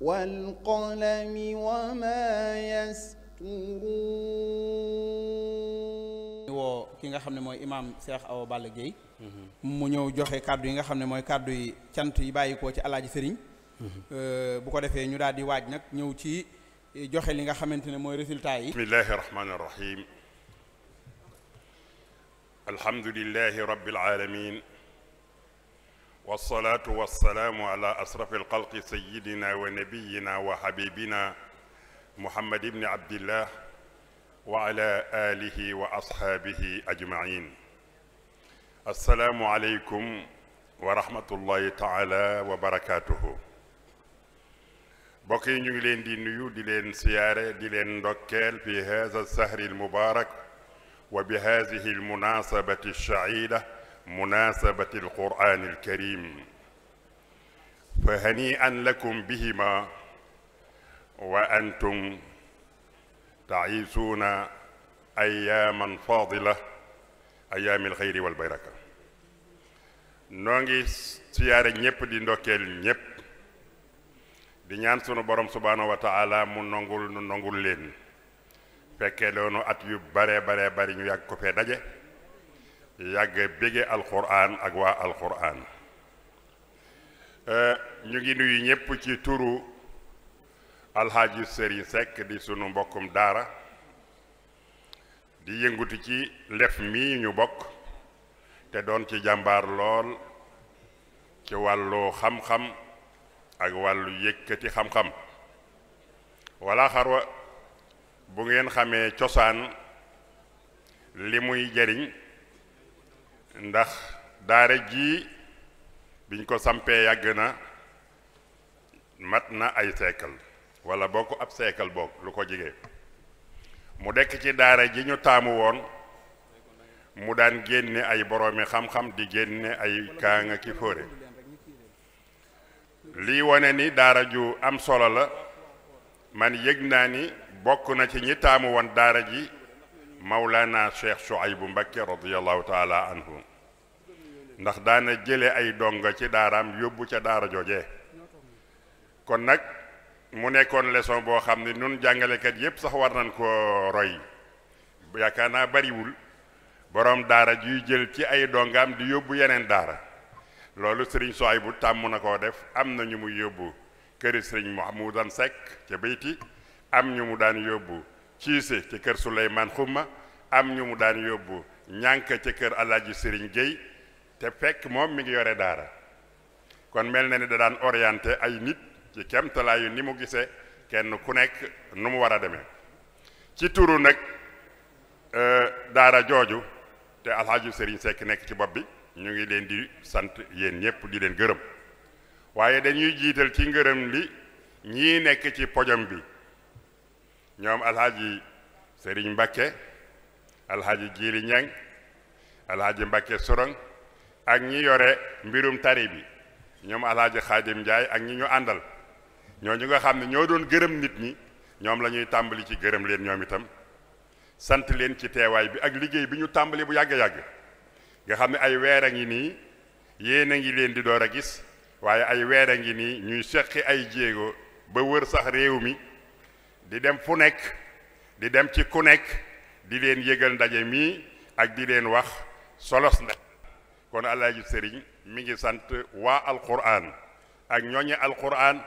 والقلم وما يسطرون woo ki nga xam ne mooy imaam Cheikh aw Balla Gueye mu ñëw joxe kàddu yi nga xam ne mooy kàddu yi cant yi bàyyikoo ci alaaji sëriñ bu ko defee ñu daal di waaj nag ñëw ci e, joxe li nga xamante ne mooy résultat yi bismillahi rahmani rahim alhamdulillahi rabbil alamin wasalaatu wasalaamu ala asrafi alxalqi sayidina wa nabiyina wa xabibina muhammad ibni abdillah wa ala alihi wa asxaabihi ajmain asalaamu aleykum wa rahmatullahi taala wa barakaatuhu mbokk yi ñu ngi leen di nuyu di leen siyaare di leen ndokkeel fi haza sahri almubaarak wa bi hazihi almunasabati alshaida مناسبة القرآن الكريم فهنيئا لكم بهما وأنتم تعيشون أياما فاضلة أيام الخير والبركة noo ngi siyaare ñépp di ndokkeel ñépp di ñaan sunu borom subhaanahu wa taala mu nongul nu nongul leen fekkee loonu at yu bare bare bari ñu yàgg ko fee daje yàgg bége alxuraan ak waa alxuraan euh, ñu ngi nuyu ñépp ci turu alxaaji sëriñ sekk di sunu mbokkum daara di yëngutu ci lef mi ñu bokk te doon ci jàmbaar lool ci wàllu xam-xam ak wàllu yëkkati xam-xam walla xarwa bu ngeen xamee cosaan li muy jariñ ndax daara jii biñ ko sampee yàgg na mat na ay siècle walla bokk ab siècle boog lu ko jege mu dekk ci daara ji ñu taamu woon mu daan génne ay boroomi xam-xam di génne ay kaanga ki fóore lii wane ni daara ju am solo la man yëg naa ni bokk na ci ñi taamu woon daara ji mawlaana cheikh Shuaybu Mbakke radiallahu taala anhu ndax daana jële ay donga ci daaraam yóbbu ca daara jooje kon nag mu nekkoon leson boo xam ne nun jàngalekat yépp sax war nañ ko roy yaakaar naa bariwul boroom daara juy jël ci ay dongaam di yóbbu yeneen daara loolu sëriñ Shuaybu tàmm na koo def am na ñu muy yóbbu këri sëriñ daan Seck ca Beyti am ñu mu daan yóbbu ciise ci kër Souleymane Xumma am ñu mu daan yóbbu ñànk ca kër Alaaji Sëriñ Géy te fekk moom mi ngi yore daara kon mel na ni da daan orienté ay nit ci kemtalaayu ni mu gisee kenn ku nekk nu mu war a demee ci turu nag e, daara jooju te Alaaji Sëriñ Sekk nekk ci bopp bi ñu ngi leen di sant yéen ñëpp di leen gërëm waaye dañuy jiital ci ngërëm li ñii nekk ci pojom bi ñoom alxaaji sëriñ mbakke alxaaji jiili ñang alxaaji mbakke sorong ak ñi yore mbirum tari bi ñoom alxaaji xaadim njaay ak ñi ñu àndal ñoo ñu nga xam ne ñoo doon gërëm nit ñi ñoom lañuy tàmbali ci gërëm leen ñoom itam sant leen ci teewaay bi ak liggéey bi ñu tàmbali bu yàgg-yàgg nga xam ne ay weer a ngi nii yéen a ngi leen di door a gis waaye ay weer a ngi nii ñuy seqi ay jéego ba wër sax réew mi di dem fu nekk di dem ci ku nekk di leen yëgal ndaje mi ak di leen wax solos na kon alaaji sëriñ mi ngi sant waa alquran ak ñooñi alquran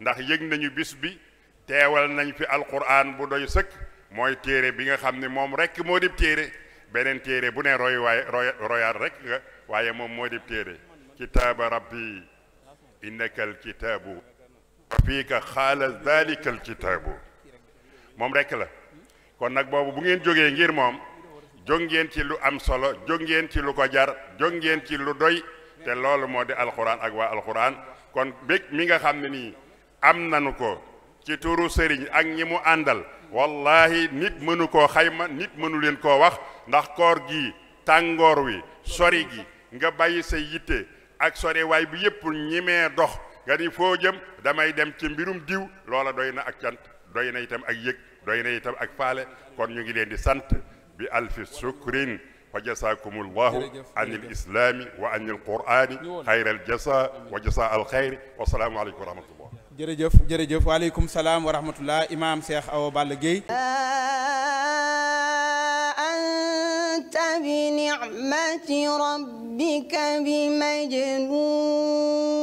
ndax yëg nañu bis bi teewal nañ fi alquran bu doy sëkk mooy téere bi nga xam ni moom rekk moo dib téere beneen téere bu ne roy waaye royaat rek nga waaye moom moo dib téere kitaaba rabbi innaka alkitaabu fiika xaala dalika alkitaabu moom rekk la kon nag boobu bu ngeen jógee ngir moom jóg ngeen ci lu am solo jóg ngeen ci lu ko jar jóg ngeen ci lu doy te loolu moo di alxuraan ak waa alxuraan kon bég mi nga xam ne nii am nanu ko ci turu sëriñ ak ñi mu àndal wallahi nit mënu koo xayma nit mënu leen koo wax ndax koor gi tàngoor wi sori gi nga bàyyi sa yitte ak sori waay bi yëpp ñimee dox nga ni foo jëm damay dem ci mbirum diw loola doy na ak cant doy na ak yëg doy na itam ak faale kon ñu ngi leen di sant bi alfi sukrin fa jasaakumu llahu an il islami wa an il qurani xayra al jasa wa jasa al xayri wasalaamu aleykum wa rahmatullah jërëjëf jërëjëf waaleykum salaam wa rahmatullah imaam Cheikh Awa Balla Gueye anta bi ni'mati